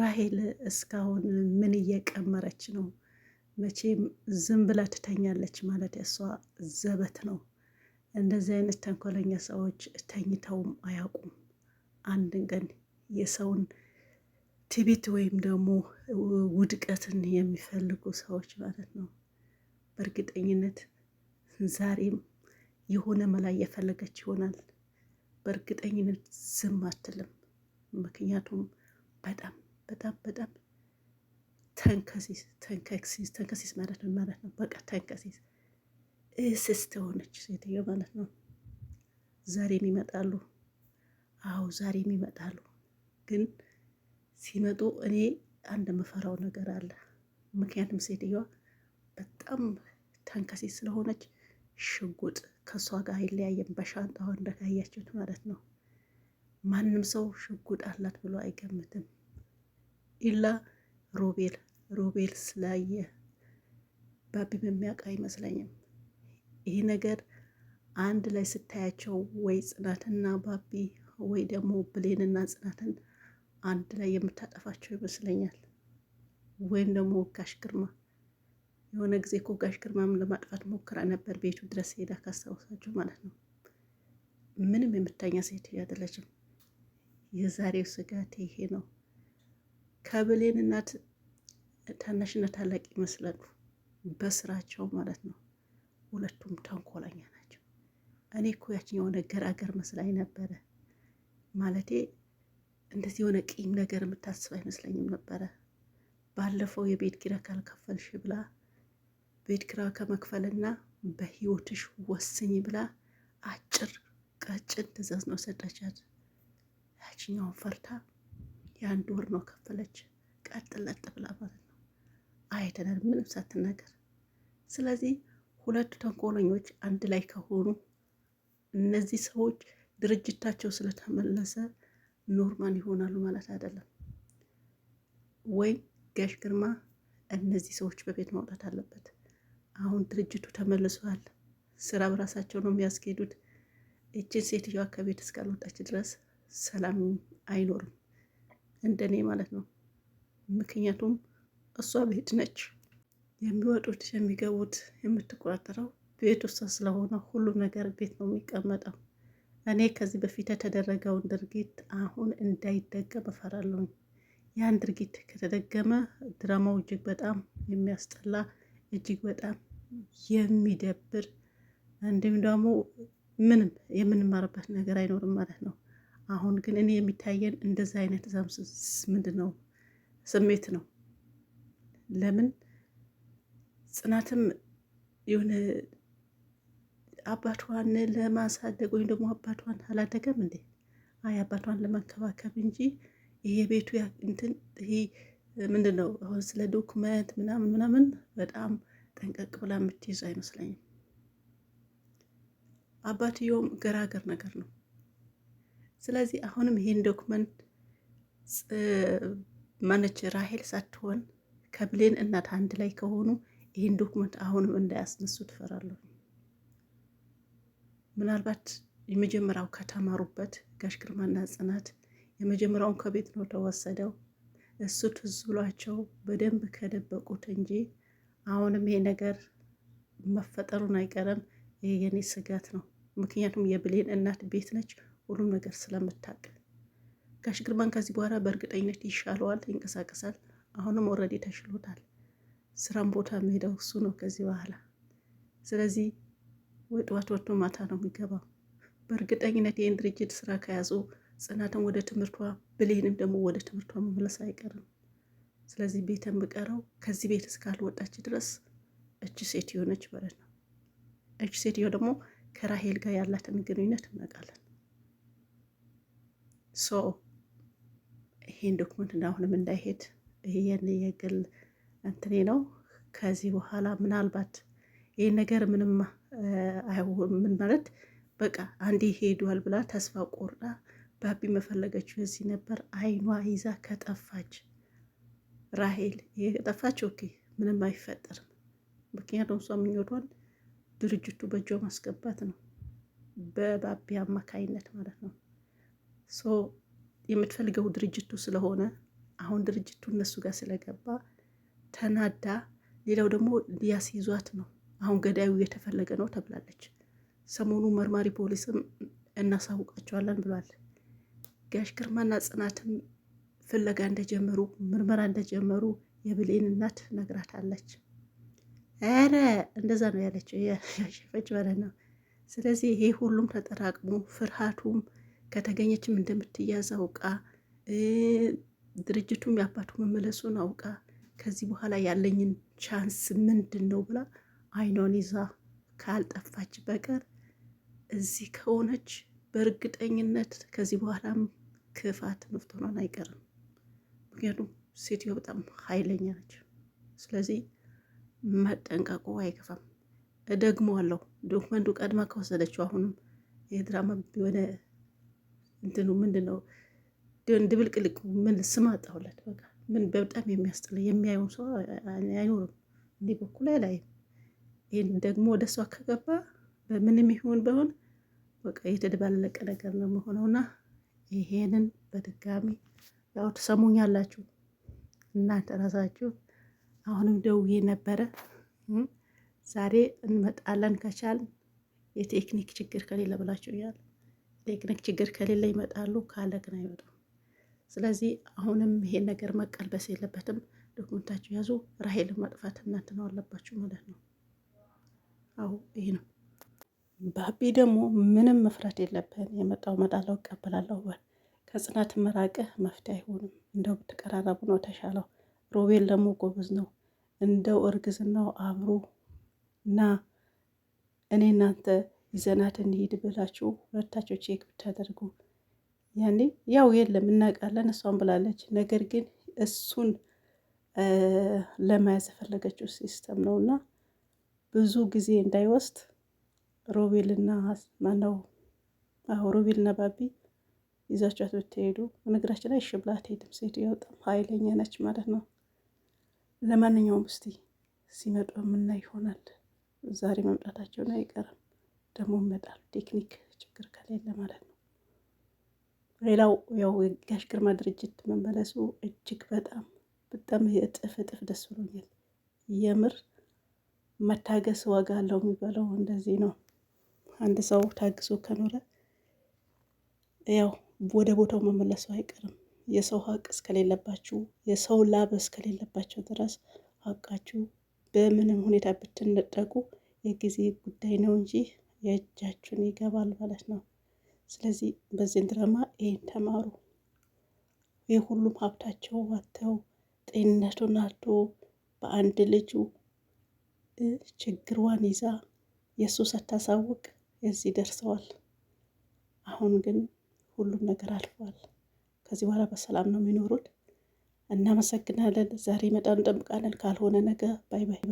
ራሄል እስካሁን ምን እየቀመረች ነው? መቼም ዝም ብላ ትተኛለች ማለት እሷ ዘበት ነው። እንደዚህ አይነት ተንኮለኛ ሰዎች ተኝተውም አያውቁም። አንድን ቀን የሰውን ትቢት ወይም ደግሞ ውድቀትን የሚፈልጉ ሰዎች ማለት ነው። በእርግጠኝነት ዛሬም የሆነ መላ እየፈለገች ይሆናል። በእርግጠኝነት ዝም አትልም። ምክንያቱም በጣም በጣም በጣም ተንከሲስ ተንከሲስ ተንከሲስ ማለት ነው ማለት ነው። በቃ ተንከሲስ እስስት ሆነች ሴትዮ ማለት ነው። ዛሬም ይመጣሉ። አዎ ዛሬም ይመጣሉ። ግን ሲመጡ እኔ አንድ የምፈራው ነገር አለ። ምክንያቱም ሴትዮዋ በጣም ተንከሲስ ስለሆነች ሽጉጥ ከእሷ ጋር አይለያየም። በሻንጣዋ እንደታያችሁት ማለት ነው። ማንም ሰው ሽጉጥ አላት ብሎ አይገምትም። ኢላ ሮቤል ሮቤል ስላየ ባቢም የሚያውቅ አይመስለኝም። ይህ ነገር አንድ ላይ ስታያቸው ወይ ጽናትና ባቢ ወይ ደግሞ ብሌንና ጽናትን አንድ ላይ የምታጠፋቸው ይመስለኛል። ወይም ደግሞ ጋሽ ግርማ የሆነ ጊዜ እኮ ጋሽ ግርማም ለማጥፋት ሞክራ ነበር፣ ቤቱ ድረስ ሄዳ ካስታወሳችሁ ማለት ነው። ምንም የምታኛ ሴት አይደለችም። የዛሬው ስጋት ይሄ ነው። ከብሌን እናት ታናሽና ታላቅ ይመስላሉ በስራቸው ማለት ነው። ሁለቱም ተንኮለኛ ናቸው። እኔ እኮ ያችኛው ነገር አገር መስላኝ ነበረ ማለቴ እንደዚህ የሆነ ቂም ነገር የምታስብ አይመስለኝም ነበረ። ባለፈው የቤት ኪራይ ካልከፈልሽ ብላ ቤት ኪራይ ከመክፈልና በህይወትሽ ወስኝ ብላ አጭር ቀጭን ትዕዛዝ ነው ሰጠቻት። ያችኛውን ፈርታ የአንድ ወር ነው ከፈለች። ቀጥ ለጥ ብላ ማለት ነው። አይተናል ምንም ሳትናገር። ስለዚህ ሁለቱ ተንኮለኞች አንድ ላይ ከሆኑ እነዚህ ሰዎች ድርጅታቸው ስለተመለሰ ኖርማል ይሆናሉ ማለት አይደለም። ወይም ጋሽ ግርማ እነዚህ ሰዎች በቤት ማውጣት አለበት። አሁን ድርጅቱ ተመልሷል፣ ስራ በራሳቸው ነው የሚያስኬዱት። ይችን ሴትዮዋ ከቤት እስካልወጣች ድረስ ሰላም አይኖርም። እንደኔ ማለት ነው። ምክንያቱም እሷ ቤት ነች የሚወጡት የሚገቡት የምትቆጣጠረው ቤት ውስጥ ስለሆነ ሁሉ ነገር ቤት ነው የሚቀመጠው። እኔ ከዚህ በፊት የተደረገውን ድርጊት አሁን እንዳይደገም እፈራለሁኝ። ያን ድርጊት ከተደገመ ድራማው እጅግ በጣም የሚያስጠላ እጅግ በጣም የሚደብር እንዲሁም ደግሞ ምንም የምንማርበት ነገር አይኖርም ማለት ነው። አሁን ግን እኔ የሚታየን እንደዚህ አይነት ምንድን ነው ስሜት ነው። ለምን ጽናትም የሆነ አባቷን ለማሳደግ ወይም ደግሞ አባቷን አላደገም እንዴ? አይ አባቷን ለመንከባከብ እንጂ ይሄ ቤቱ እንትን ይሄ ምንድን ነው አሁን ስለ ዶክመንት ምናምን ምናምን በጣም ጠንቀቅ ብላ የምትይዝ አይመስለኝም። አባትየውም ገራገር ነገር ነው። ስለዚህ አሁንም ይህን ዶክመንት ማነች ራሄል ሳትሆን ከብሌን እናት አንድ ላይ ከሆኑ ይህን ዶክመንት አሁንም እንዳያስነሱ ትፈራለሁ። ምናልባት የመጀመሪያው ከተማሩበት ጋሽ ግርማና ጽናት የመጀመሪያውን ከቤት ነው ተወሰደው እሱ ትዝ ብሏቸው በደንብ ከደበቁት እንጂ አሁንም ይሄ ነገር መፈጠሩን አይቀርም። ይሄ የኔ ስጋት ነው። ምክንያቱም የብሌን እናት ቤት ነች። ሁሉም ነገር ስለምታውቅ ጋሽ ግርማን ከዚህ በኋላ በእርግጠኝነት ይሻለዋል፣ ይንቀሳቀሳል። አሁንም ወረዴ ተሽሎታል። ስራም ቦታ መሄደው እሱ ነው ከዚህ በኋላ። ስለዚህ ወይ ጠዋት ወጥቶ ማታ ነው የሚገባው። በእርግጠኝነት ይህን ድርጅት ስራ ከያዙ ጽናትም ወደ ትምህርቷ ብሌንም ደግሞ ወደ ትምህርቷ መመለስ አይቀርም። ስለዚህ ቤት ብቀረው ከዚህ ቤት እስካልወጣች ድረስ እች ሴትዮ ነች ማለት ነው። እች ሴትዮ ደግሞ ከራሄል ጋር ያላትን ግንኙነት እናውቃለን። ሶ ይሄን ዶክመንት እና አሁንም እንዳይሄድ ይሄን የግል እንትኔ ነው። ከዚህ በኋላ ምናልባት ይህን ነገር ምንም ምን ማለት በቃ አንዴ ሄዷል ብላ ተስፋ ቆርጣ ባቢ መፈለገችው እዚህ ነበር። አይኗ ይዛ ከጠፋች ራሄል ይሄ ከጠፋች ኦኬ ምንም አይፈጠርም። ምክንያቱም እሷ ምኞቷን ድርጅቱ በእጇ ማስገባት ነው፣ በባቢ አማካይነት ማለት ነው። ሶ የምትፈልገው ድርጅቱ ስለሆነ አሁን ድርጅቱ እነሱ ጋር ስለገባ ተናዳ፣ ሌላው ደግሞ ሊያስይዟት ነው። አሁን ገዳዩ የተፈለገ ነው ተብላለች። ሰሞኑ መርማሪ ፖሊስም እናሳውቃቸዋለን ብሏል። ጋሽ ግርማና ጽናትም ፍለጋ እንደጀመሩ ምርመራ እንደጀመሩ የብሌን እናት ነግራታለች። ኧረ እንደዛ ነው ያለችው ያሸፈች ማለት ነው። ስለዚህ ይሄ ሁሉም ተጠራቅሞ ፍርሃቱም ከተገኘችም እንደምትያዝ አውቃ ድርጅቱም የአባቱ መመለሱን አውቃ ከዚህ በኋላ ያለኝን ቻንስ ምንድን ነው ብላ አይኗን ይዛ ካልጠፋች በቀር እዚህ ከሆነች በእርግጠኝነት ከዚህ በኋላም ክፋት መፍትሆኗን አይቀርም። ምክንያቱም ሴትዮ በጣም ኃይለኛ ነች። ስለዚህ መጠንቀቁ አይከፋም። ደግሞ አለው ዶክመንቱ ቀድማ ከወሰደችው አሁንም የድራማ ወደ እንትኑ ምንድን ነው ድብልቅልቅ ምን ስም አጣሁለት። በቃ ምን በጣም የሚያስጠላ የሚያየውን ሰው አይኖርም። እንዲህ በኩል አላይም። ይህን ደግሞ ወደ እሷ ከገባ በምንም ይሁን በሆን በቃ የተደባለቀ ነገር ነው መሆነውና ይሄንን በድጋሚ ያው ትሰሙኛላችሁ እናንተ ራሳችሁ። አሁንም ደውዬ ነበረ። ዛሬ እንመጣለን ከቻል የቴክኒክ ችግር ከሌለ ብላችሁ እያለ ቴክኒክ ችግር ከሌለ ይመጣሉ፣ ካለ ግን አይመጡም። ስለዚህ አሁንም ይሄን ነገር መቀልበስ የለበትም። ዶክመንታችሁ ያዙ። ራሄልን ማጥፋት እናንተ ነው አለባችሁ ማለት ነው። አዎ ይህ ነው። ባቢ ደግሞ ምንም መፍራት የለብህም። የመጣው መጣለው እቀበላለሁ በል። ከጽናት መራቅህ መፍትሄ አይሆንም። እንደው ብትቀራረቡ ነው ተሻለው። ሮቤል ደግሞ ጎበዝ ነው። እንደው እርግዝናው አብሮ እና እኔ እናንተ ይዘናት እንዲሄድ ብላችሁ ሁለታቸው ቼክ ብታደርጉ ያኔ ያው የለም እናውቃለን፣ እሷን ብላለች። ነገር ግን እሱን ለመያዝ የፈለገችው ሲስተም ነው እና ብዙ ጊዜ እንዳይወስድ ሮቤልና ማነው አሁ ሮቤልና ባቢ ይዛችኋት ብትሄዱ። በነገራችን ላይ ሽብላ አትሄድም ሴት በጣም ኃይለኛ ነች ማለት ነው። ለማንኛውም እስቲ ሲመጡ የምናይ ይሆናል። ዛሬ መምጣታቸውን አይቀርም። ደግሞ ይመጣሉ። ቴክኒክ ችግር ከሌለ ማለት ነው። ሌላው ያው ጋሽ ግርማ ድርጅት መመለሱ እጅግ በጣም በጣም እጥፍ እጥፍ ደስ ብሎኛል። የምር መታገስ ዋጋ አለው የሚባለው እንደዚህ ነው። አንድ ሰው ታግሶ ከኖረ ያው ወደ ቦታው መመለሱ አይቀርም። የሰው ሀቅ እስከሌለባችሁ፣ የሰው ላብ እስከሌለባቸው ድረስ ሀቃችሁ በምንም ሁኔታ ብትነጠቁ የጊዜ ጉዳይ ነው እንጂ የእጃችሁን ይገባል ማለት ነው። ስለዚህ በዚህ ድራማ ይህን ተማሩ። የሁሉም ሀብታቸው ዋተው ጤንነቱን አቶ በአንድ ልጁ ችግሯን ይዛ የእሱ ሳታሳውቅ እዚህ ደርሰዋል። አሁን ግን ሁሉም ነገር አልፏል። ከዚህ በኋላ በሰላም ነው የሚኖሩት። እናመሰግናለን። ዛሬ መጣን እንጠብቃለን። ካልሆነ ነገ ባይ ባይ።